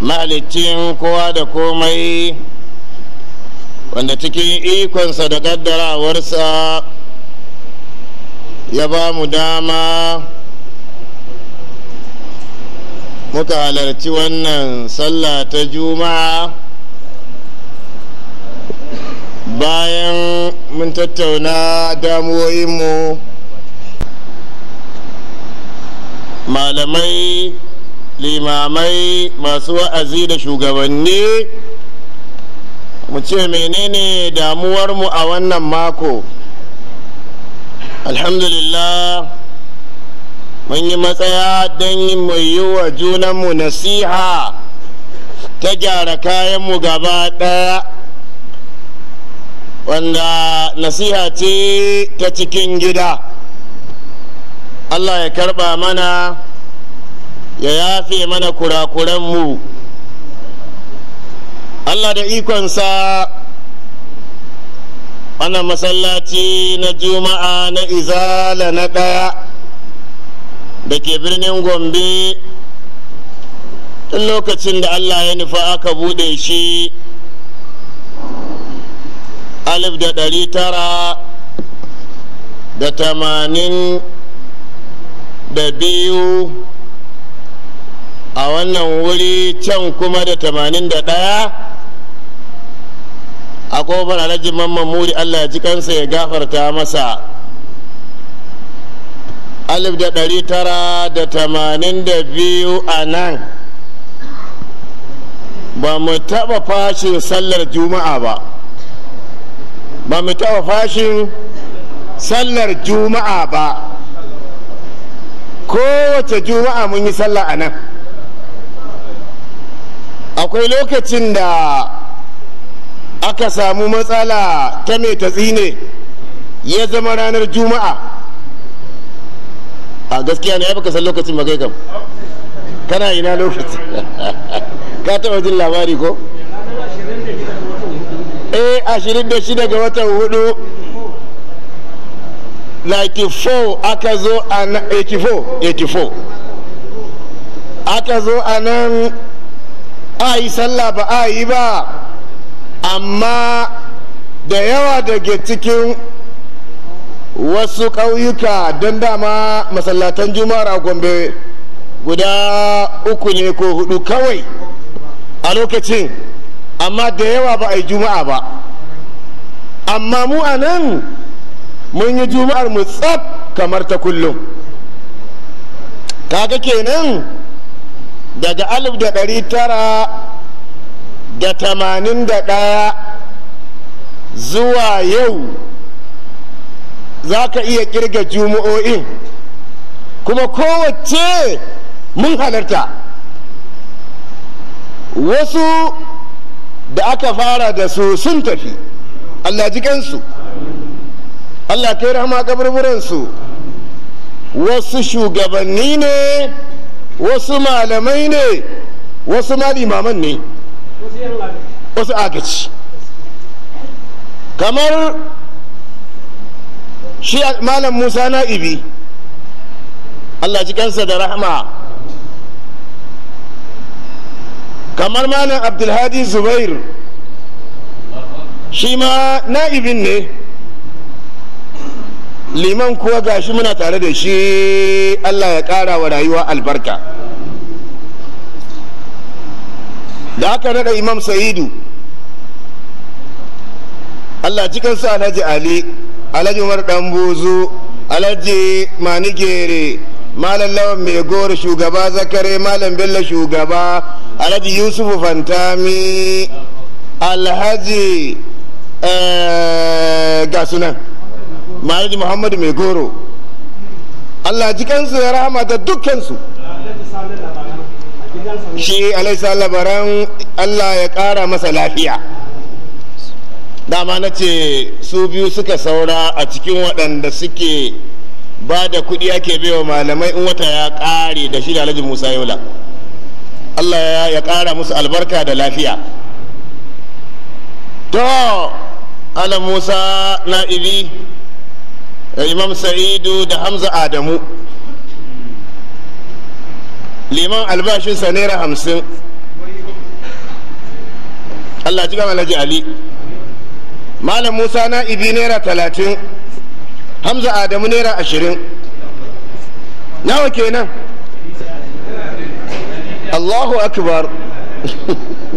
Malikin kowa da komai wanda cikin ikonsa da kaddarawarsa ya ba mu dama muka halarci wannan sallah ta juma'a bayan mun tattauna damuwoyinmu malamai limamai masu wa'azi da shugabanni mu ce menene damuwarmu a wannan mako alhamdulillah mun yi matsaya don mai yi wa junanmu nasiha ta gyara kayanmu gaba ɗaya wanda nasiha ce ta cikin gida allah ya karba mana ya yafe mana kurakuran mu. Allah da ikonsa Ana masallaci na juma'a na izala na ɗaya da ke birnin gombe tun lokacin da Allah ya nufa aka buɗe shi alif da ɗari tara da tamanin da biyu a wannan wuri can kuma da tamanin da ɗaya a ƙofar alhaji mamman muri allah ji kansa ya gafarta masa alif da ɗari tara da tamanin da biyu a nan ba mu taɓa fashin sallar juma'a ba ba mu taɓa fashin sallar juma'a ba kowace juma'a mun yi sallah a nan akwai lokacin da aka samu matsala ta mai ta tsine ya zama ranar juma'a a gaskiya ne ya baka san lokacin ba kai kam kana ina lokacin ka taɓa jin labari ko eh ashirin da shi ga watan hudu 94 aka zo a 84 aka zo a nan a yi sallah ba a yi ba amma da yawa daga cikin wasu ƙauyuka don dama masallatan juma'ar a gombe guda uku ne ko hudu kawai a lokacin amma da yawa ba a yi juma'a ba amma mu a nan mun yi juma'ar mu tsab kamar ta kullum kaga kenan daga alif da ɗari tara da tamanin da ɗaya zuwa yau za ka iya kirga jumu'o'in kuma kowace mun halarta wasu da aka fara da su sun tafi allah jikansu allah kai rahama kaburburansu wasu shugabanni ne wasu malamai ne wasu ma limaman ne wasu agaci kamar shi malam musa na'ibi allah cikinsa da rahama kamar malam abdulhadi zubair shi ma na'ibin ne liman kuwa gashi muna tare da shi allah ya ƙara wa rayuwa albarka da aka naɗa imam sa'idu allah cikin sa alhaji ali alhaji umar dan buzu alhaji manigere malam lawan mai goro shugaba zakare malam bello shugaba alhaji yusufu fantami alhaji eh, gasunan ma'aji muhammad mai goro allah jikansu ya rahama da dukkansu shi alaisa labaran allah ya kara masa lafiya dama na ce su biyu suka saura a cikin waɗanda suke ba da kuɗi ake baiwa malamai in wata ya ƙare da shi da alhaji musa yola allah ya ƙara musu albarka da lafiya to ala musa na'ibi da imam sa'idu da hamza adamu liman albashinsa naira hamsin allah ji gama alhaji ali malam musa na ibi naira talatin hamza adamu naira ashirin nawa kenan allahu akbar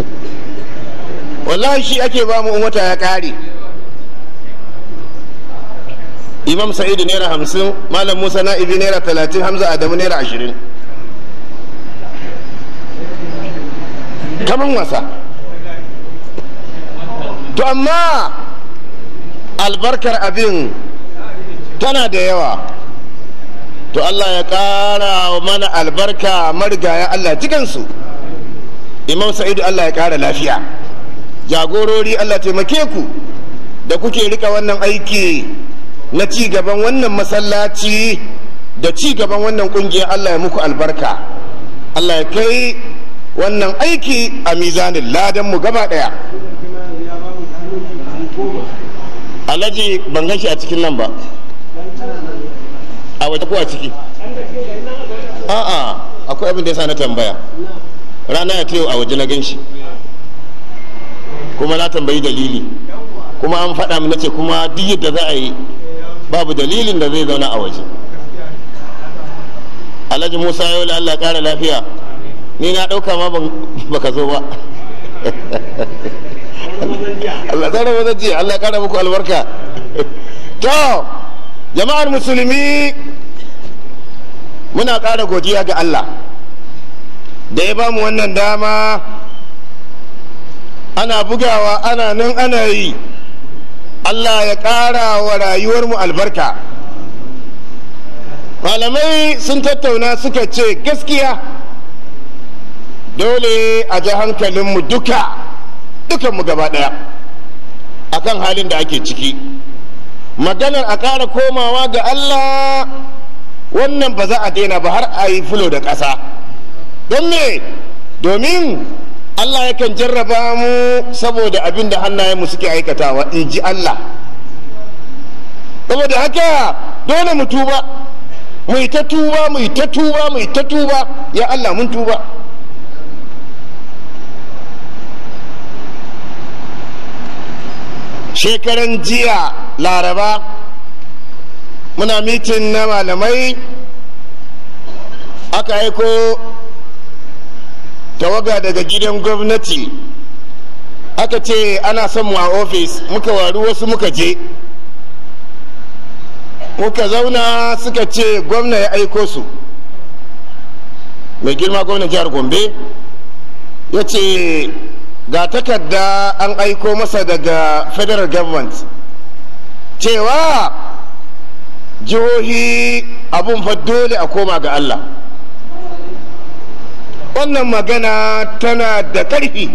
wallahi shi ake ba mu wata ya kare imam sa'idu naira hamsin malam musa na'ibi naira talatin hamza adamu naira ashirin kaman wasa to amma albarkar abin tana da yawa to Allah ya ƙara mana albarka marigaya Allah cikinsu imam sa'idu Allah ya ƙara lafiya jagorori Allah taimake ku da kuke rika wannan aiki na ci gaban wannan masallaci da ci gaban wannan kungiyar Allah ya muku albarka Allah ya kai wannan aiki a mizanin ladan mu gaba daya alhaji ban gan a cikin nan ba a waje ko a ciki a'a akwai abin da ya sa na tambaya rana ya tayo a waje na gan shi kuma na tambayi dalili kuma an faɗa min ce kuma duk yadda za a yi babu dalilin da zai zauna a waje alhaji musa yau da allah ƙara lafiya ni na ɗauka ma baka zo ba Allah tsara wa zaji Allah ƙara muku albarka to jama'ar musulmi muna ƙara godiya ga Allah da ya bamu wannan dama ana bugawa ana nan ana yi Allah ya ƙara wa rayuwarmu albarka malamai sun tattauna suka ce gaskiya dole a ji hankalinmu duka dukanmu gaba ɗaya kan halin da ake ciki maganar a ƙara komawa ga Allah wannan ba za a daina ba har a yi fulo da ƙasa don me domin Allah ya kan jarraba mu saboda abin da hannayenmu suke aikatawa in ji Allah saboda haka dole mu tuba mu ta tuba mu ta tuba mu ta tuba ya Allah mun tuba shekaran jiya laraba muna mitin na malamai aka aiko tawaga daga gidan gwamnati aka ce ana son mu a ofis muka waru wasu muka je muka zauna suka ce gwamna ya aiko su mai girma gwamnan jihar gombe ya ce ga takarda an aiko masa daga federal government cewa jihohi abun fa dole a koma ga allah wannan magana tana da ƙarfi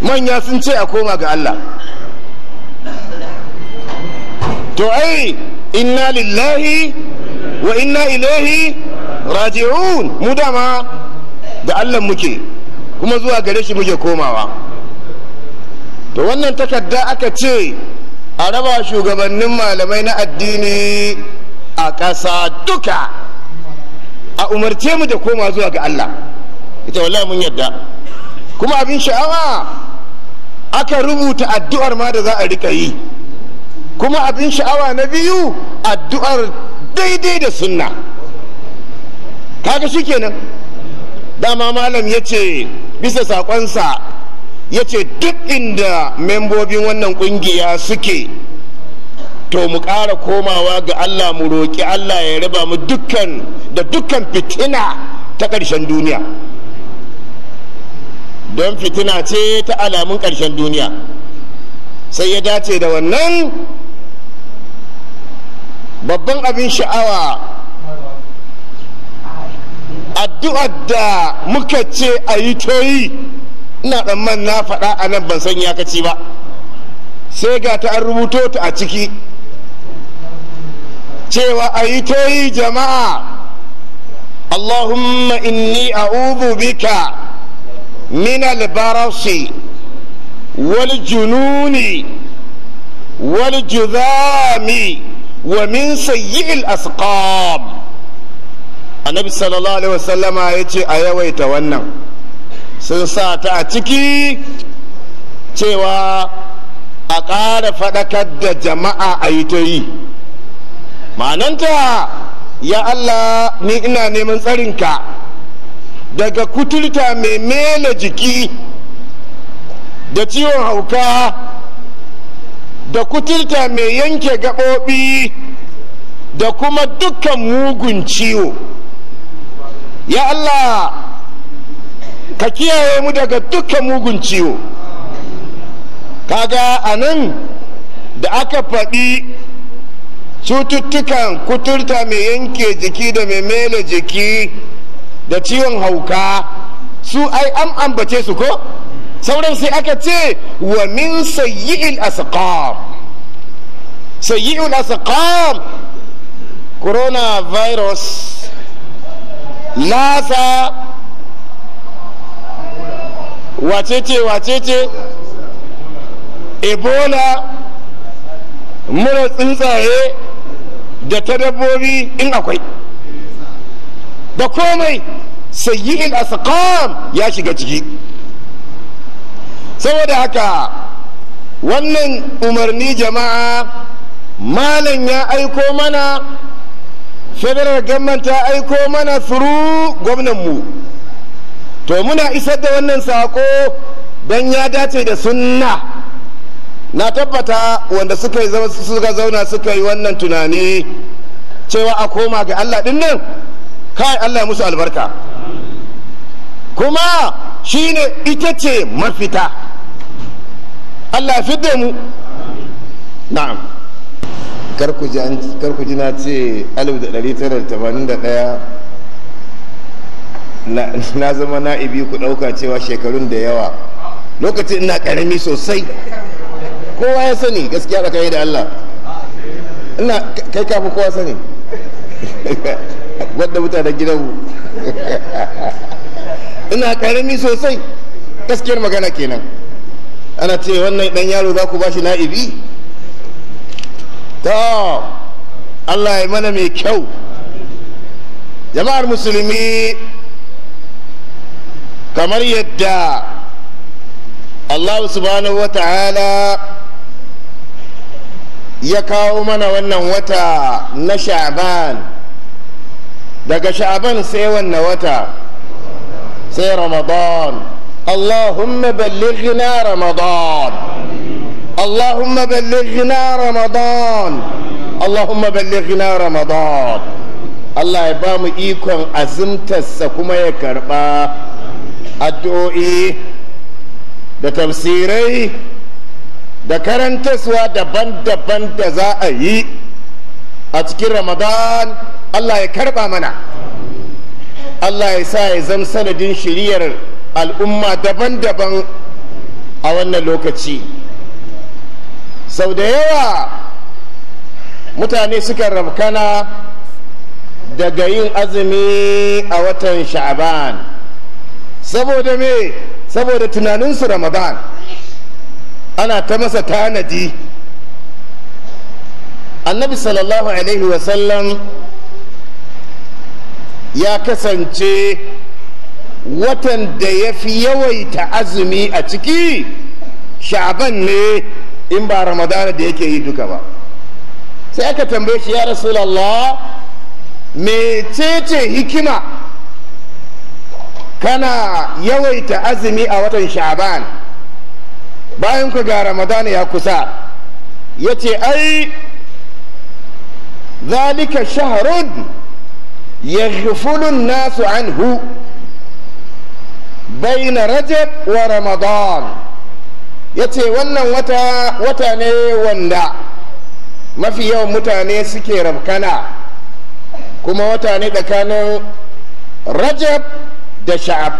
manya sun ce a koma ga Allah to ai inna lillahi wa inna ilaihi raji'un mu dama da Allah muke kuma zuwa gare shi muke komawa to wannan takarda aka ce a raba shugabannin malamai na addini a ƙasa duka a umarce mu da koma zuwa ga Allah ita wallahi mun yadda kuma abin sha'awa aka rubuta addu'ar ma da za a rika yi kuma abin sha'awa na biyu addu'ar daidai da sunna kaga shikenan dama malam ya ce bisa saƙonsa ya ce duk inda membobin wannan ƙungiya suke to mu ƙara komawa ga Allah mu roƙi Allah ya raba mu dukkan da dukkan fitina ta ƙarshen duniya don fitina ce ta alamun ƙarshen duniya sai ya dace da wannan babban abin sha'awa addu'ar da muka ce a yi toyi ina ɗan na faɗa a nan ban san ya kaci ba sai ga ta an rubuto ta a ciki cewa a toyi jama'a allahumma inni a'ubu bika min albarasi wal jununi wal judami wa min sayyi'il asqam annabi sallallahu alaihi wasallama ya ce a yawaita wannan sun sa ta a ciki cewa a ƙara faɗakar da jama'a a yi ta yi ma'ananta ya Allah ni ina neman tsarinka daga kuturta mai mela jiki da ciwon hauka da kuturta mai yanke gaɓoɓi da kuma dukkan mugun ciwo ya Allah ka kiyaye mu daga dukkan mugun ciwo kaga a nan da aka faɗi cututtukan kuturta mai yanke jiki da mai mele jiki da ciwon hauka su ai an ambace su ko sauran sai aka ce wa min sayyi'il asqam sayyi'il asqam coronavirus lasa wacece wacece ebola mura tsuntsaye da ta dabbobi in akwai da komai a asqam ya shiga ciki saboda haka wannan umarni jama'a malam ya aiko mana federal government ta aiko mana through mu to muna isar da wannan sako don ya dace da sunna na tabbata wanda suka yi zauna suka yi wannan tunani cewa a koma ga Allah din nan kai Allah ya musu albarka kuma shine ita ce mafita Allah ya fidda mu na'am karku ji na ce 1981 na zama na'ibi ku ɗauka cewa shekarun da yawa lokacin ina ƙarami sosai kowa ya sani gaskiya kai da Allah ina kai kafin kowa sani wadda gidan mu ina karami sosai gaskiyar magana kenan ana ce wannan dan yaro za ku bashi na'ibi to Allah ya mana mai kyau jama'ar musulmi kamar yadda Allah subhanahu wa ta'ala ya kawo mana wannan wata na sha'ban daga sha'ban sai wannan wata sai ramadan allahumma ballighna ramadan allahumma ballighna ramadan allahumma ballighna ramadan allah ya ba mu ikon azumtarsa kuma ya karba addu'o'i da tafsirai da karantaswa daban-daban da za a yi a cikin ramadan allah ya karba mana allah ya sa ya zama sanadin shiriyar al'umma daban-daban a wannan lokaci sau da yawa mutane suka rabkana daga yin azumi a watan sha'aban saboda me saboda tunaninsu ramadan ana ta masa tanadi annabi sallallahu alaihi wasallam ya kasance watan da ya fi yawaita azumi a ciki sha'ban ne in ba ramadana da yake yi duka ba sai aka tambaye shi ya rasulallah mecece hikima kana yawaita azumi a watan sha'aban? bayan ku ga ramadana ya kusa ya ce ai zalika shaharun ya nasu anhu baina rajab wa ramadan ya ce wannan wata, ne wanda mafi yawan mutane suke ramkana kuma wata ne tsakanin rajab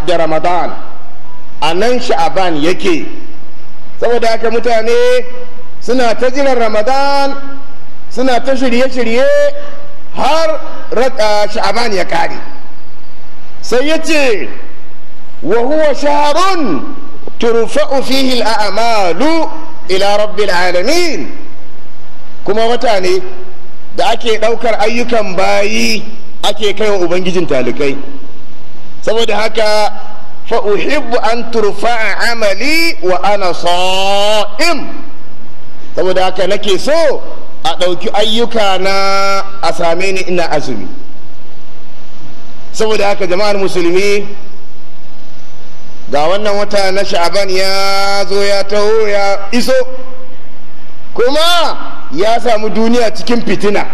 da ramadan a nan sha'aban yake saboda haka mutane suna ta jiran ramadan suna ta shirye-shirye har raka sha'aban ya kare sai ya ce wa huwa shaharun turfa'u fihi al'amalu ila rabbil alamin kuma wata ne da ake ɗaukar ayyukan bayi ake kaiwa ubangijin talikai saboda haka fa uhibbu an turfa amali wa ana sa'im saboda haka nake so a ɗauki ayyuka na a same ni ina azumi saboda haka jama'ar musulmi ga wannan wata na sha'aban ya zo ya taho ya iso kuma ya samu duniya cikin fitina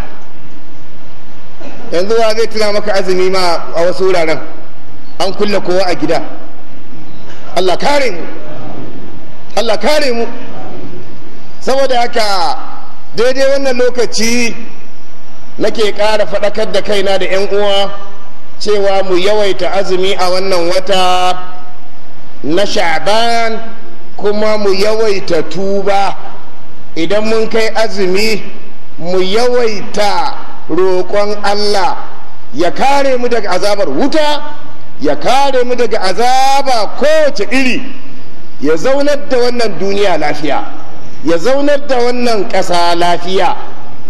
yanzu wa zai tuna maka azumi ma a wasu wuraren an kulle kowa a gida Allah kare mu Allah kare mu saboda haka daidai wannan lokaci nake ƙara faɗakar da kaina da 'yan uwa cewa mu yawaita azumi a wannan wata na sha'ban kuma mu yawaita tuba idan mun kai azumi mu yawaita roƙon Allah ya kare mu daga azabar wuta ya kare mu daga azaba kowace iri ya zaunar da wannan duniya lafiya ya zaunar da wannan ƙasa lafiya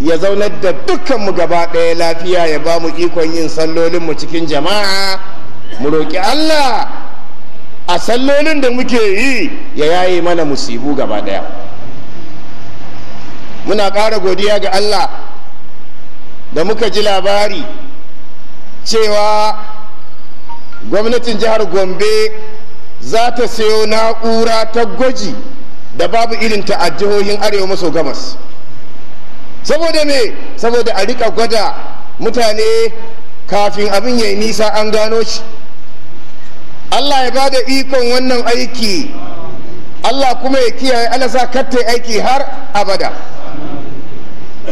ya zaunar da dukkanmu gaba ɗaya lafiya ya ba mu ikon yin sallolinmu cikin jama'a mu roƙi allah a sallolin da muke yi ya yaye mana musibu gaba ɗaya muna ƙara godiya ga allah da muka ji labari cewa gwamnatin jihar gombe za ta sayo na'ura ta gwaji da babu irinta a jihohin arewa maso gabas saboda me saboda a rika gwada mutane kafin abin ya nisa an gano shi allah ya ba da ikon wannan aiki allah kuma ya kiyaye alasa katta aiki har abada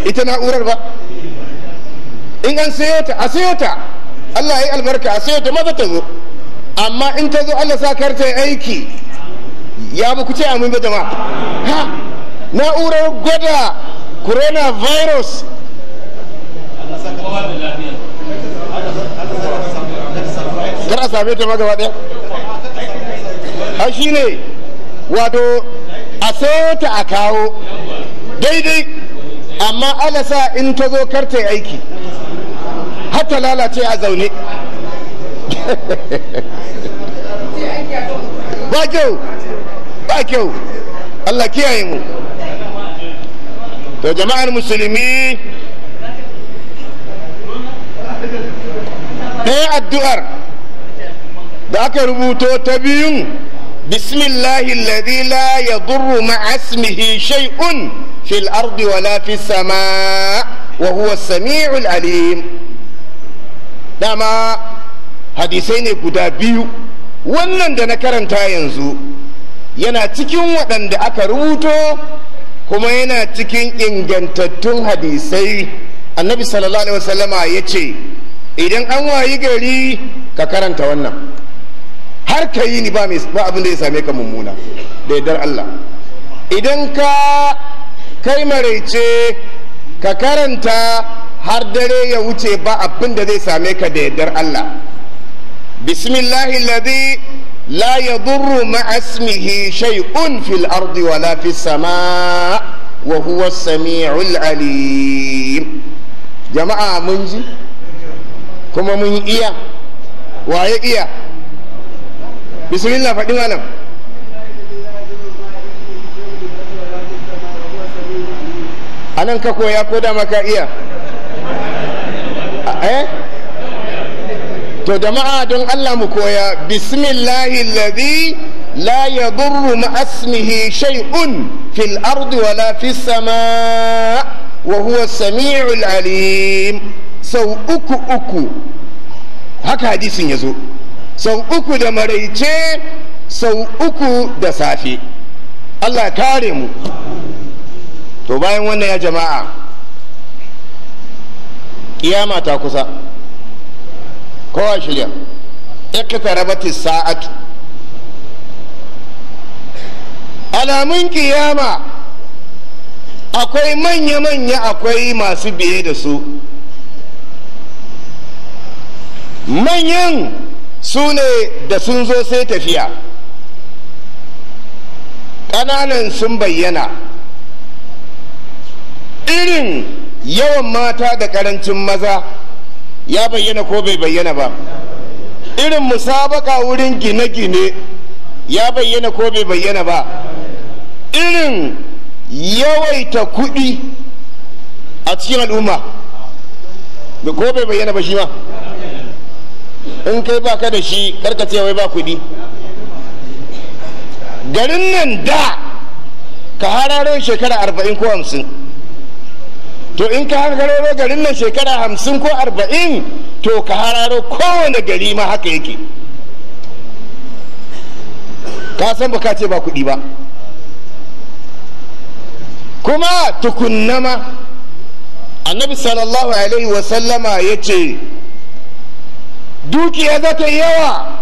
ita na'urar ba in an sayo ta a sayo ta Allah ya yi albarka sai ta maza ta zo amma in ta zo Allah sa karta aiki ya bu ce amin ba jama'a ha na'urar gwada coronavirus kar a same ta ma gaba ɗaya a shi ne wato a sayo ta a kawo daidai amma alasa in ta zo karta aiki حتى لا لا تي ازوني باجو باجو الله كيايمو يا جماعه المسلمين هي الدؤر ذاك ربوتو تبيون بسم الله الذي لا يضر مع اسمه شيء في الارض ولا في السماء وهو السميع العليم dama hadisai ne guda biyu wannan da na karanta yanzu yana cikin waɗanda aka rubuto kuma yana cikin ingantattun hadisai annabi sallallahu alaihi wasallama ya ce idan an wayi gari ka karanta wannan har ka yi ni ba abin da ya same ka mummuna da dar Allah idan ka kai maraice ka karanta har dare ya wuce ba abin da zai same ka da yardar Allah bismillahi ladhi la yadurru ma'a ismihi shay'un fil ardi wala fis sama wa huwa as-sami'ul alim jama'a mun ji kuma mun iya waye iya bismillah faɗi malam anan ka koya ko da maka iya eh to jama'a don Allah mu koya bismillahi alladhi la yadurru ma asmihi shay'un fil ardi wala fis sama wa huwa samiul alim sau uku uku haka hadisin yazo sau uku da maraice sau uku da safe Allah kare mu to bayan wannan ya jama'a kiyama ta kusa kowa shirya ta sa'atu alamun kiyama akwai manya-manya akwai masu biye da su manyan su ne da sun zo sai tafiya ƙananan sun bayyana irin yawan mata da karancin maza ya bayyana ko bai bayyana ba irin musabaka wurin gine-gine ya bayyana ko bai bayyana ba irin yawaita kuɗi a cikin al'umma ko bai bayyana ba shi ma in kai ba ka da shi ce wai ba kuɗi garin nan da ka hararo shekara arba'in ko hamsin to in ka hararo garin nan shekara hamsin ko arba'in to ka hararo kowane gari ma haka yake ka san ba ka ce ba kuɗi ba kuma tukunnama annabi sallallahu alaihi wasallama ya ce dukiya za ta yawa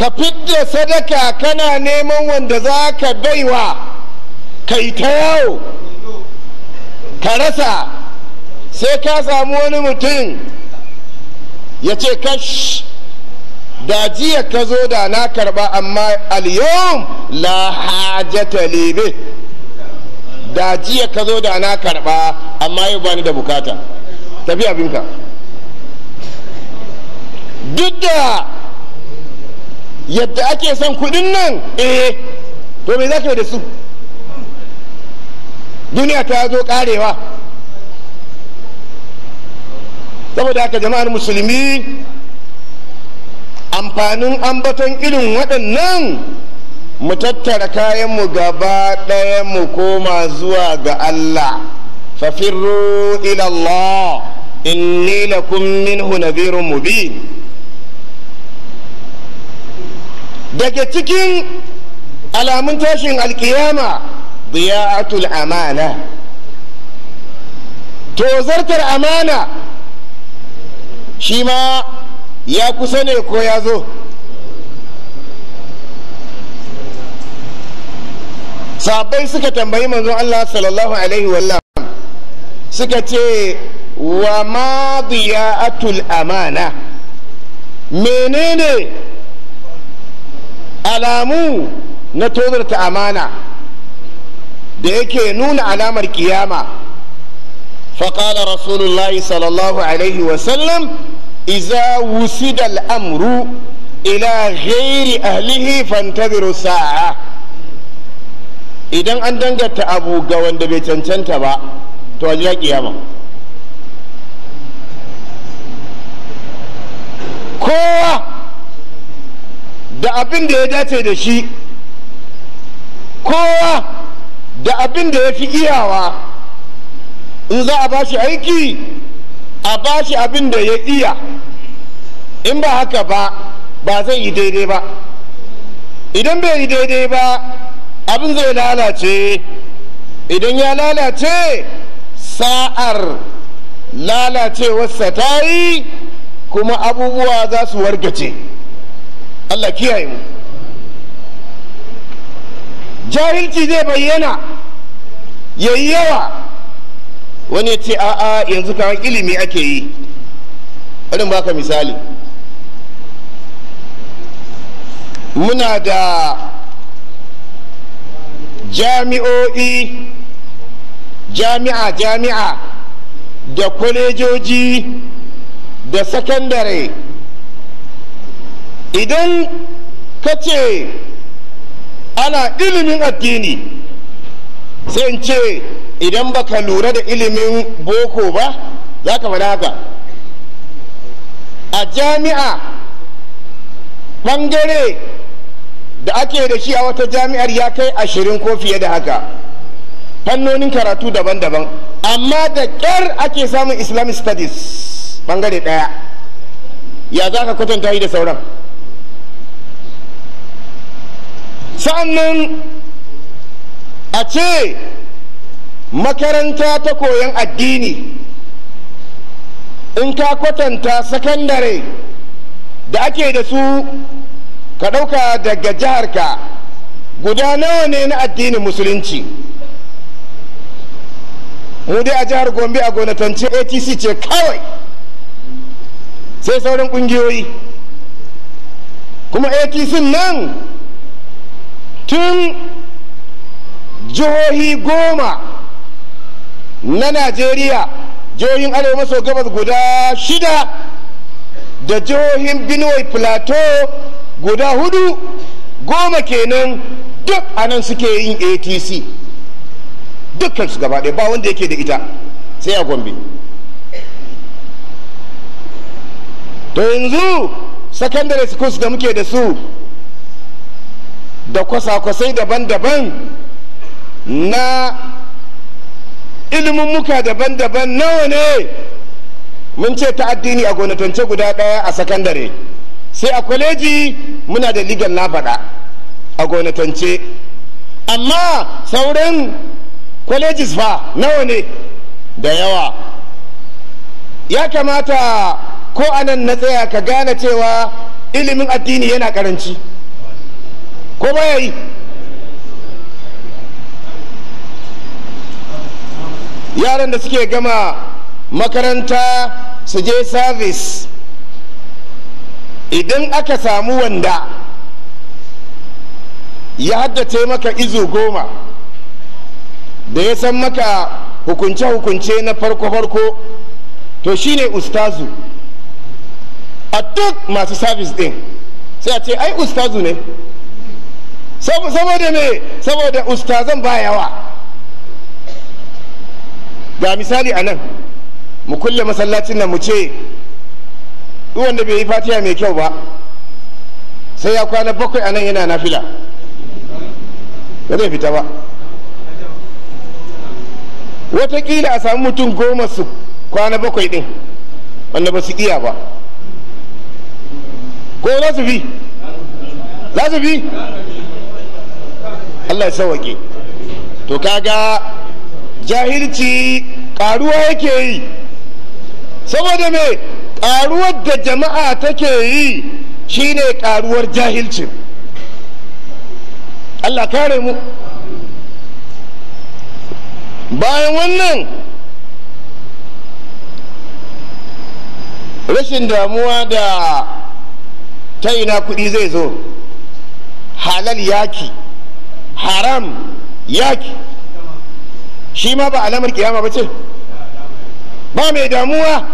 ka fidda sadaka kana neman wanda za ka baiwa ka yi ta yawo ka rasa sai ka samu wani mutum ya ce kash da jiya ka zo da na karba amma al la hajata libe da jiya ka zo da na karba amma yau bani da bukata tafi abinka duk da yadda ake son kudin nan eh to me za ka yi da su duniya ta zo karewa saboda haka jama'ar musulmi amfanin ambaton irin waɗannan mu tattara kayanmu gaba ɗaya mu koma zuwa ga Allah fafirro ila Allah inni lakum minhu nadhirun mubin daga cikin alamun tashin alkiyama diya'atul amana tozartar amana shi ma ya kusa ne ko ya zo sabai suka tambayi manzon Allah sallallahu alaihi wasallam suka ce wa ma diya'atul amana menene alamu na tozarta amana da yake nuna alamar kiyama faƙala rasulullahi sallallahu alaihi wasallam iza wusida amru ila ghairi ahlihi fantaziru sa'a idan an danganta abu ga wanda bai cancanta ba to a kiyama kowa da abin da ya dace da shi kowa da abin da ya fi iyawa in za a bashi aiki a bashi abin da ya iya in ba haka ba ba zai yi daidai ba idan bai yi daidai ba abin zai lalace idan ya lalace sa'ar lalacewarsa ta yi kuma abubuwa za su wargace allah kiyaye mu jahilci zai bayyana yayi yawa wani ya ce a'a yanzu kawai ilimi ake yi barin baka misali muna da jami'o'i jami'a jami'a da kwalejoji da sakandare idan ka ce ana ilimin addini sai ce idan baka lura da ilimin boko ba za ka faɗa haka a jami'a ɓangare da ake da shi a wata jami'ar ya kai ashirin ko fiye da haka fannonin karatu daban-daban amma da ƙyar ake samun islamic studies ɓangare ɗaya ya za ka kwatanta yi da sauran sa'annan a ce makaranta ta koyon addini in ka kwatanta sakandare da ake da su ka ɗauka daga jiharka guda nawa ne na addinin musulunci mu dai a jihar gombe a gonatance atc ce kawai sai sauran ƙungiyoyi kuma atc nan tun jihohi goma na najeriya jihohin arewa maso gabas guda shida da jihohin benue plateau guda hudu goma kenan duk anan suke yin atc dukkan su gaba ba wanda yake da ita sai a gombe to yanzu secondary schools da muke da su da kwasa-kwasai daban-daban na muka daban-daban nawa ne mun ce ta addini a gonatance guda ɗaya a sakandare sai a kwaleji muna da ligan na faɗa a gonatance amma sauran kwalejis fa nawa ne da yawa ya kamata ko anan na tsaya ka gane cewa ilimin addini yana karanci ko baya yi yaran da suke gama makaranta su je service idan aka samu wanda ya haddace maka izu goma da ya san maka hukunce-hukunce na farko-farko to shine ustazu a duk masu sabis din sai a ce ai ustazu ne saboda me saboda ustazan ba yawa ga misali a nan mu kulle masallacin nan mu ce wanda bai yi fatiha mai kyau ba sai ya kwana bakwai a nan yana nafila ba zai fita ba watakila a samu mutum goma su kwana bakwai ɗin wanda ba su iya ba ko za su fi za su fi allah ya sawake to kaga jahilci karuwa yake yi saboda me karuwar da jama'a take yi shine karuwar jahilci. Allah kare mu bayan wannan rashin damuwa da ta ina kuɗi zai zo halal yaki haram yaki shi ma ba alamar kiyama ba ce ba mai damuwa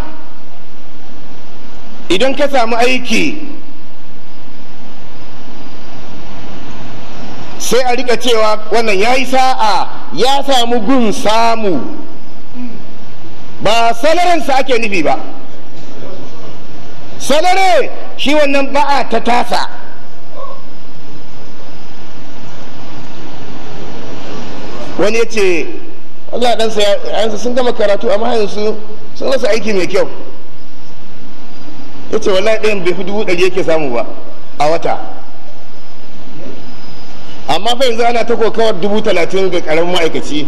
idan ka samu aiki sai a rika cewa wannan ya yi sa'a ya samu gun samu ba salaransa ake nufi ba salare shi wannan ba'a ta tasa wani ya ce Allah ɗansa yansa sun gama karatu amma yanzu sun rasa aiki mai kyau ya ce wallahi ɗayan bai fi dubu ɗari yake samu ba a wata amma fa yanzu ana ta kokawar dubu talatin ga ƙaramin ma'aikaci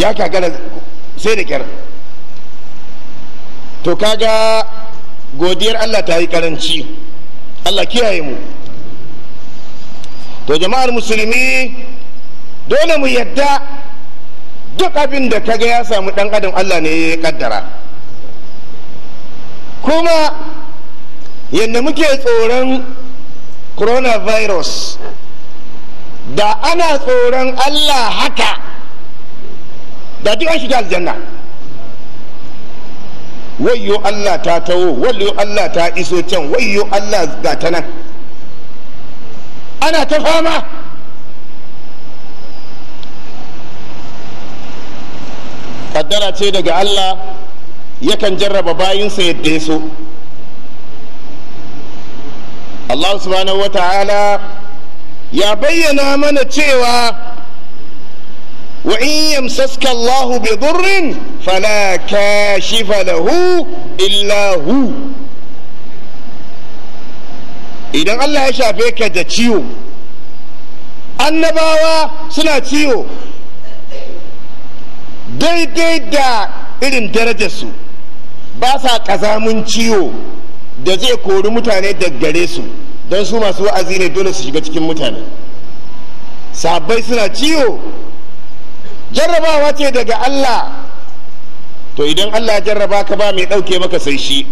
ya kakana sai da kyar to kaga godiyar Allah ta yi karanci Allah kiyaye mu to jama'ar musulmi dole mu yadda duk abin da kaga ya samu dan adam Allah ne ya kaddara kuma yadda muke tsoron coronavirus da ana tsoron Allah haka da duk an shiga aljanna wayyo Allah ta tawo wayyo Allah ta iso can wayyo Allah ga ta nan ana ta fama kaddara ce daga Allah yakan jarraba bayinsa yadda ya so Allah subhanahu ta'ala ya bayyana mana cewa wa in yamsaska Allahu bi dhurrin fala kashifa lahu illa hu idan Allah ya shafe ka da ciwo annabawa suna ciwo daidai da irin darajarsu ba sa ƙazamin ciwo da zai kori mutane da gare su don su masu wa'azi ne dole su shiga cikin mutane sabai suna ciwo jarrabawa ce daga allah to idan allah ya jarraba ka ba mai ɗauke maka sai shi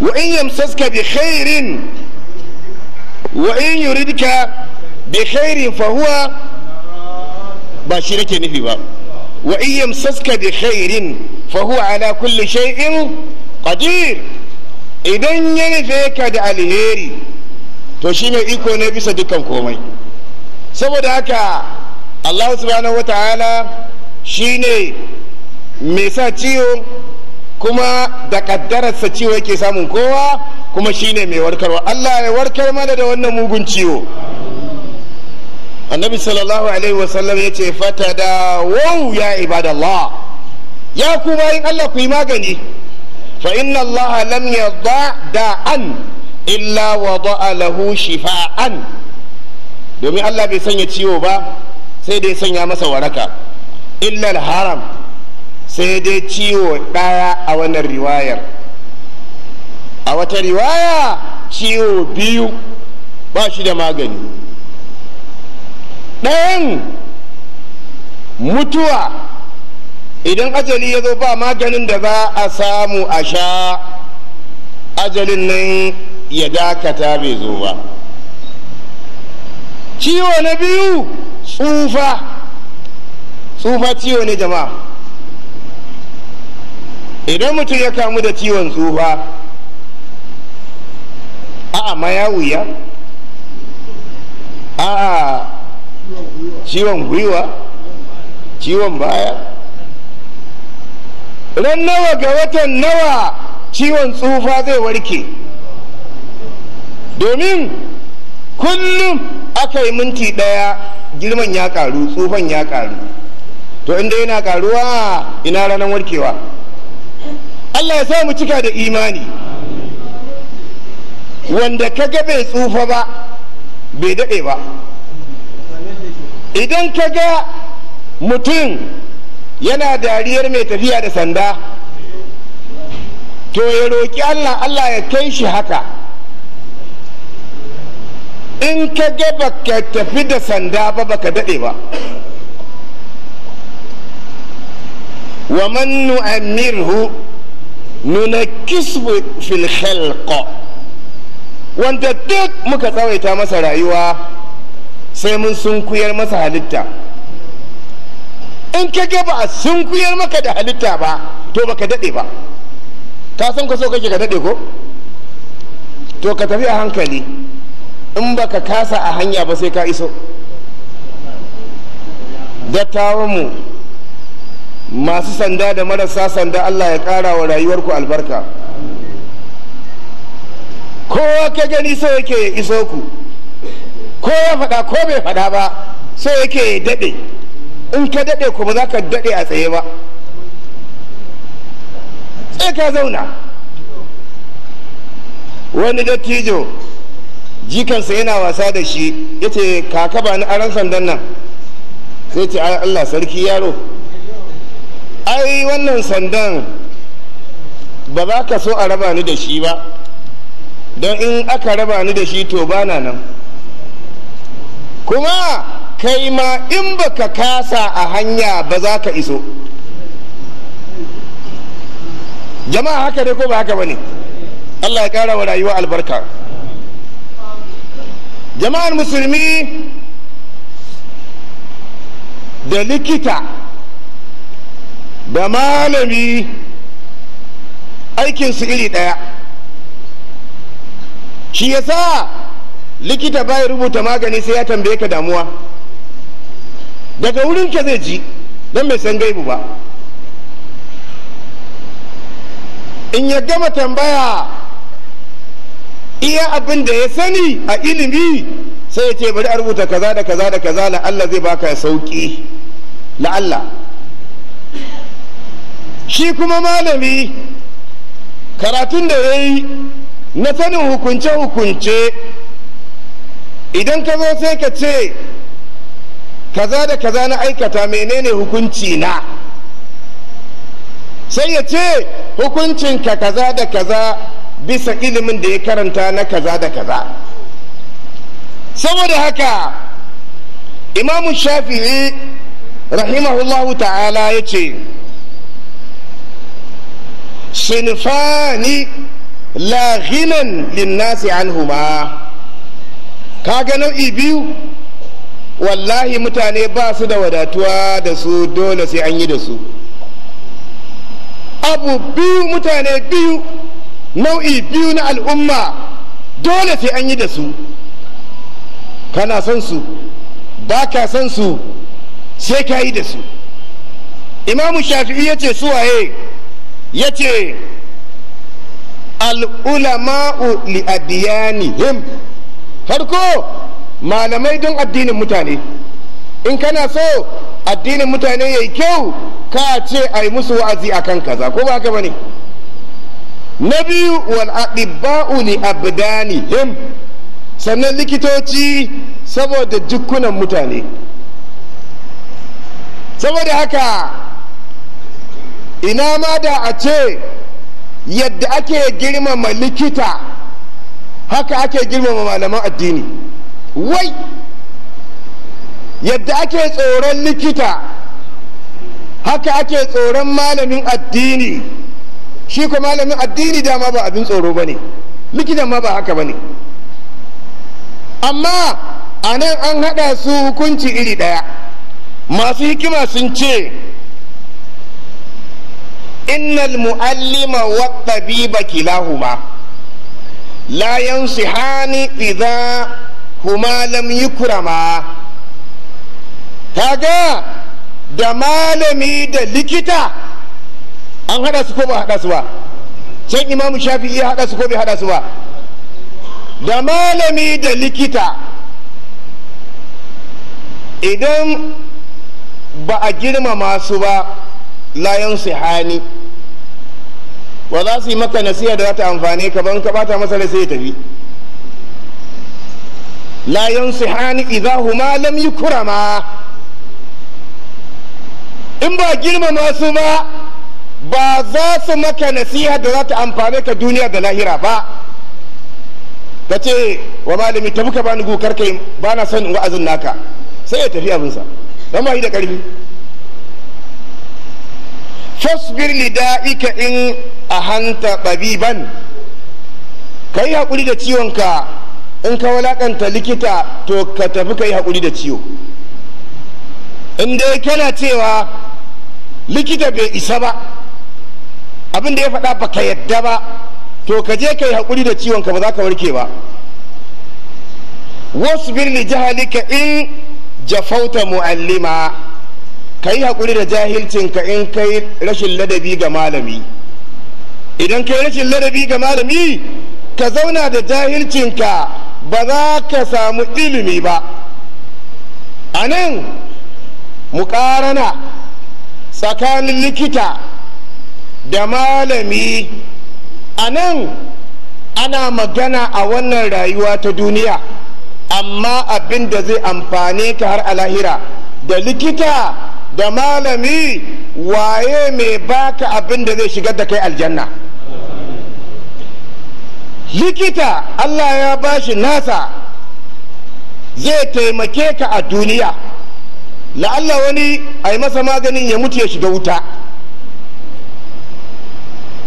wa in yamsaska bi khairin wa in yuridka bi khairin fa huwa ba shi nake nufi ba wa in yamsaska bi khairin fa huwa ala kulli shay'in qadir idan ya nufe ka da alheri to shi mai iko ne bisa dukkan komai saboda haka Allah subhanahu Ta'ala, shi ne mai sa ciwo kuma da kaddararsa ciwo yake samun kowa kuma shi ne mai warkarwa Allah ya warkar mana da wannan mugun ciwo annabi sallallahu alaihi wasallam ya ce fata da wau ya ibadallah ya kuma yin allah ku yi magani fa inna Allah lam yadda da'an illa wada'a lahu shifa'an domin allah bai sanya ciwo ba sai dai sanya masa waraka illal haram sai dai ciwo ɗaya a wannan riwayar a wata riwaya ciwo biyu ba shi da magani ɗayan mutuwa idan ajali ya zo ba maganin da za a samu a sha ajalin nan ya dakata bai zo ba ciwo na biyu tsufa tsufa ciwo ne jama'a idan mutum ya kamu da ciwon tsufa a'a ma ya wuya a'a ciwon gwiwa ciwon baya ran nawa ga watan nawa ciwon tsufa zai warke domin kullum aka yi minti ɗaya girman ya ƙaru tsufan ya ƙaru to inda yana ƙaruwa ina ranar warkewa allah ya sa mu cika da imani wanda ka ga bai tsufa ba bai daɗe ba idan ka ga mutum yana dariyar mai tafiya da sanda to ya roƙi allah allah ya kai shi haka in ka ga baka tafi da sanda ba baka daɗe ba wa man nu'ammirhu nunakisu fil khalqa wanda duk muka tsawaita masa rayuwa sai mun sunkuyar masa halitta in ka ga ba a sunkuyar maka da halitta ba to baka daɗe ba ka san ka so kake ka daɗe ko to ka tafi a hankali in baka kasa a hanya ba sai ka iso dattawanmu masu sanda da marasa sanda allah ya ƙara wa rayuwarku albarka kowa ka gani so yake iso ku ko ya faɗa ko bai faɗa ba sai yake daɗe in ka daɗe ko ba za ka daɗe a tsaye ba sai ka zauna wani dattijo jikansa yana wasa da shi ya ce kaka ba aron aran sandan nan sai ce allah sarki yaro ai wannan sandan ba za ka so a raba ni da shi ba don in aka raba ni da shi to bana nan kuma kai ma in baka kasa a hanya ba za ka iso jama'a haka ne ko ba haka bane Allah ya kara wa rayuwa albarka jama'ar musulmi da likita da malami aikin su iri ɗaya shi yasa likita baya rubuta magani sai ya tambaye ka damuwa daga wurin ka zai ji don bai san gaibu ba in ya gama tambaya iya abin da ya sani a ilimi sai ya ce bari a rubuta kaza da kaza da kaza la'alla zai baka sauki la'alla shi kuma malami karatun da ya yi na sanin hukunce-hukunce idan ka zo sai ka ce kaza da kaza na aikata menene hukunci na sai ya ce hukuncinka kaza da kaza bisa ilimin da ya karanta na kaza da kaza saboda haka imamu shafi'i rahimahullahu ta'ala ya ce sinifani la ghinan linnasi anhuma Ka ga nau'i biyu wallahi mutane ba su da wadatuwa da su dole sai an yi da su abu biyu mutane biyu nau'i biyu na al'umma dole sai an yi da su kana son su ba ka son su sai ka yi da su imamu shafi'i ya ce suwaye ya ce al'ulama'u li'adiyanihim farko malamai don addinin mutane in kana so addinin mutane ya yi kyau ka ce a yi musu wa'azi a kan kaza ko ba haka ba ne na biyu wal abida li him, sannan likitoci saboda jikunan mutane saboda haka ina ma da a ce yadda ake girmama likita haka ake girmama malaman addini wai yadda ake tsoron likita haka ake tsoron malamin addini shi ko malamin addini dama ba abin tsoro ba ne likitan ma ba haka ba ne amma a nan an haɗa su hukunci iri ɗaya masu hikima sun ce innal mu'allima wa tabiba kilahuma la yansihani idza huma lam yukrama kaga da malami da likita an hada su ko ba hada su ba can imamu shafi'i ya hada su ko bai hada su ba da malami da likita idan ba a girmama su ba layan hani wa za su yi maka nasiha da za ta amfane ka ban ka bata masa da sai ya tafi la hani idza huma lam yukrama in ba girmama su ba ba za su maka nasiha da za ta amfane ka duniya da lahira ba ka ce wa malami tafi ka bani gukar kai ba na son wa'azin naka sai ya tafi abinsa don ba yi da ƙarfi fasbir lida'ika in ahanta ka kai hakuri da ciwon ka in ka walakanta likita to ka tafi kai hakuri da ciwo in dai kana cewa likita bai isa ba abin da ya faɗa ba ka yadda ba to ka je ka yi haƙuri da ciwonka ba za ka warke ba wasu birni jihalika in jafauta mu'allima ka yi haƙuri da jahilcinka in kai rashin ladabi ga malami idan kai rashin ladabi ga malami ka zauna da jahilcinka ba za ka samu ilimi ba a nan muƙarana tsakanin likita da malami a nan ana magana a wannan rayuwa ta duniya amma abin da zai amfane ka har alahira da likita da malami waye mai baka abin da zai shigar da kai aljanna likita Allah ya bashi nasa zai taimake ka a duniya la'alla wani a yi masa maganin ya mutu ya shiga wuta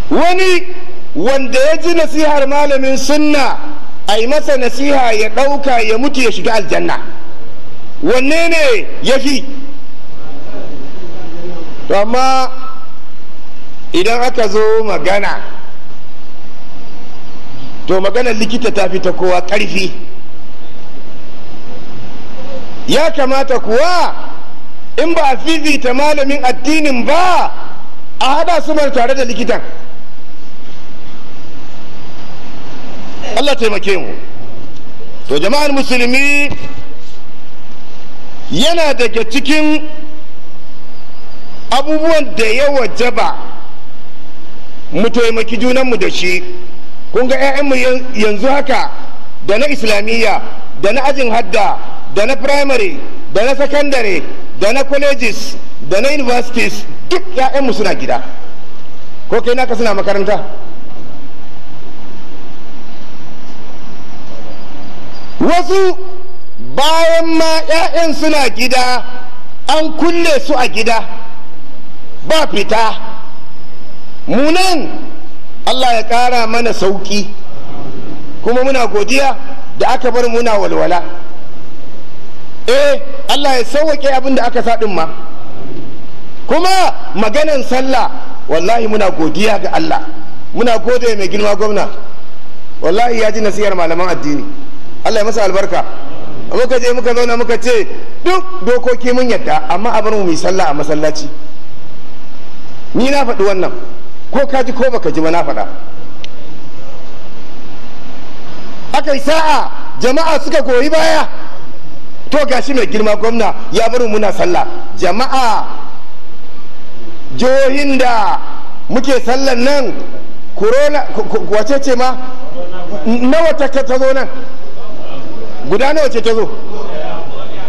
wani wanda ya ji nasihar malamin sunna a yi masa nasiha ya ɗauka ya mutu ya shiga aljanna wanne ne ya fi to amma idan aka zo magana to maganar likita ta fi ta kowa ƙarfi ya kamata kuwa in ba a fifita malamin addinin ba a hada su tare da likitan Allah taimake mu to jama'ar musulmi yana daga cikin abubuwan da ya wajaba mu taimaki junanmu da shi kun ga 'ya'yanmu yanzu haka da na islamiyya da na ajin hadda da na primary da na secondary da na colleges da na universities duk 'ya'yanmu suna gida ko kai naka suna makaranta wasu bayan ma 'ya'yan suna gida an kulle su a gida ba fita munan Allah ya ƙara mana sauƙi kuma muna godiya da aka bar muna walwala eh Allah ya sauwaƙe abin da aka saɗin ma kuma maganan sallah wallahi muna godiya ga Allah muna gode mai girma gwamna wallahi ya ji nasiyar malaman addini Allah ya masa albarka muka je muka zauna muka ce duk dokoki mun yadda amma a bar mu mai sallah a masallaci ni na faɗi wannan ko ka ji ko baka ji ba na faɗa aka yi sa'a jama'a suka goyi baya to gashi mai girma gwamna ya bar muna sallah jama'a jihohin da muke sallan nan corona wace ce ma nawa ta ta zo nan guda nawa ce ta zo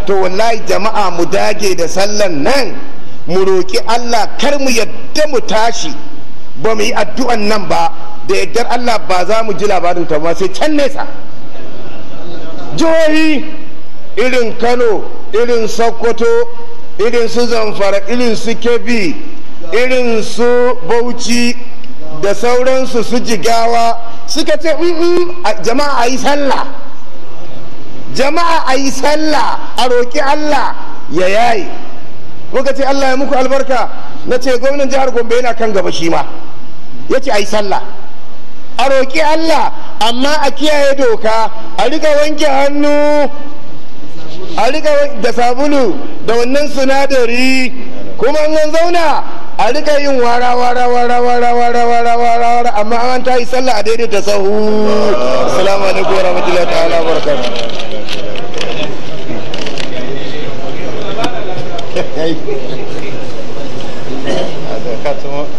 to wallahi jama'a mu dage da sallan nan mu roƙi Allah kar mu yadda mu tashi ba mu yi addu'an nan ba da yaddar Allah ba za mu ji labarin ta ba sai can nesa jihohi irin Kano irin Sokoto irin su Zamfara irin su Kebbi irin su Bauchi da sauransu su jigawa suka ce mm, mm, jama'a a yi sallah jama'a a yi sallah a roƙi Allah ya yayi muka ce Allah ya muku albarka na ce gwamnan jihar Gombe yana kan gaba shi ma ya ce a yi sallah a roƙi Allah amma a kiyaye doka a riga wanke hannu a riga da sabulu da wannan sinadari kuma an zauna a riga yin wara wara wara wara wara wara wara wara amma an ta yi sallah a daidaita sahu assalamu alaikum warahmatullahi ta'ala هذا خاتم